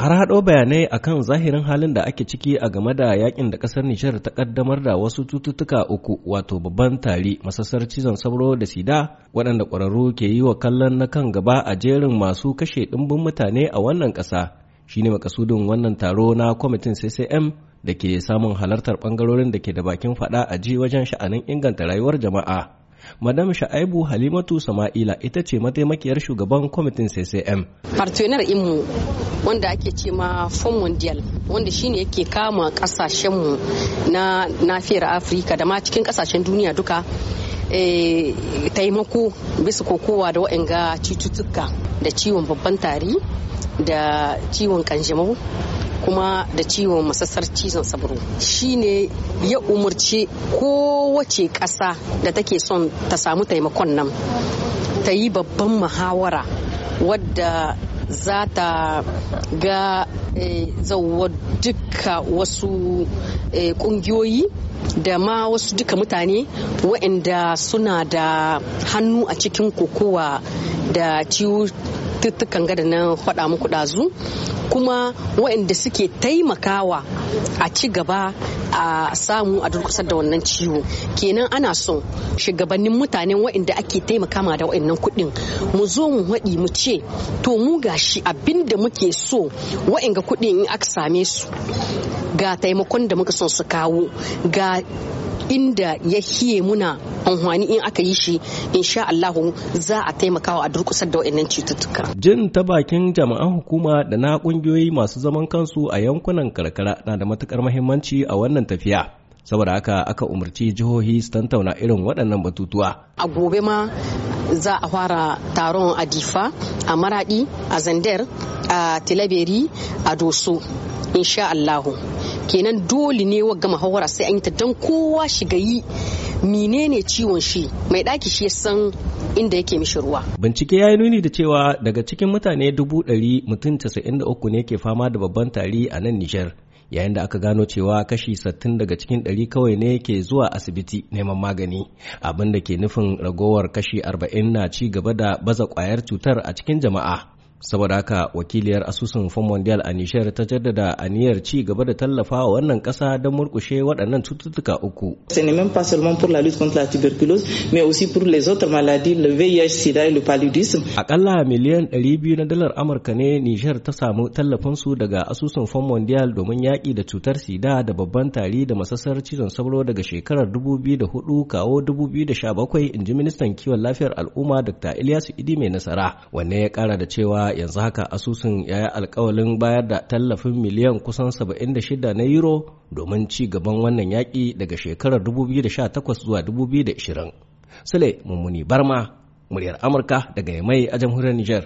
Har haɗo bayanai kan zahirin halin da ake ciki a game da yakin da ƙasar Nijar ta ƙaddamar da wasu cututtuka uku wato babban tari, masassar cizon sauro da sida waɗanda ƙwararru ke yi wa kallon na kan gaba a jerin masu kashe ɗimbin mutane a wannan ƙasa. Shi ne makasudin wannan taro na kwamitin CCM da ke samun halartar ɓangarorin da ke da bakin faɗa a ji wajen sha'anin inganta rayuwar jama'a. Madam Sha'aibu Halimatu Sama'ila ita ce mataimakiyar shugaban kwamitin CCM. Partner inmu wanda ake ce ma fom Mondial wanda shine yake kama kasashenmu na nafiyar Afirka da ma cikin kasashen duniya duka eh, taimako bisa kokowa da waɗanga cututtuka da ciwon babban tari da ciwon kanjamau kuma da ciwon masassar cizon sabro ne ya umarci kowace ƙasa da take son ta samu taimakon nan ta yi babban muhawara wadda za ta ga eh, zauwa duka wasu eh, ƙungiyoyi da ma wasu duka mutane waɗanda suna da hannu a cikin kokowa da cututtukan gada na faɗa muku ɗazu kuma waɗanda suke taimakawa a ci gaba a samu a durkusar da wannan ciwo kenan ana son shugabannin mutane waɗanda ake taimakawa da waɗannan kuɗin mu zo mu haɗi mu ce to mu gashi abinda muke so waɗanda kuɗin in aka same su ga taimakon da muka son su kawo ga inda ya hiye muna amfani in aka yi shi insha Allahu za a taimakawa a durkusar da wayannan cututtuka jin ta bakin jama'an hukuma da na kungiyoyi masu zaman kansu a yankunan karkara na da matukar muhimmanci a wannan tafiya saboda haka aka umarci jihohi su tantauna irin waɗannan batutuwa a gobe ma za a fara taron a difa a maradi a zandar a tilaberi a doso insha allahu kenan dole ne gama muhawara sai an yi ta don kowa shiga yi menene ciwon shi mai ɗaki shi san inda yake mishi ruwa. Bincike ya yi nuni da cewa daga cikin mutane dubu ɗari mutum casa'in ne ke fama da babban tari a nan Nijar. yayin da aka gano cewa kashi 60 daga cikin ɗari kawai ne ke zuwa asibiti neman magani abin da ke nufin ragowar kashi 40 na ci gaba da baza kwayar cutar a cikin jama'a saboda haka wakiliyar asusun fom mondial a nishiyar ta jaddada aniyar ci gaba da tallafa wa wannan kasa don murkushe waɗannan cututtuka uku ce ne même pas seulement pour la lutte contre la tuberculose mais aussi pour les autres maladies le VIH sida et le paludisme akalla miliyan 200 na dalar amurka ne nishiyar ta samu tallafin su daga asusun fom mondial domin yaƙi da cutar sida da babban tari da masassar cizon sauro daga shekarar 2004 kawo 2017 inji ministan kiwon lafiyar al'umma dr ilyasu idi mai nasara wanne ya kara da cewa yanzu haka asusun ya yi alkawalin bayar da tallafin miliyan kusan 76 na euro domin ci gaban wannan yaƙi daga shekarar 2018 zuwa 2020. Sule Mummuni Barma, muryar Amurka daga Yamai a jamhuriyar Nijar.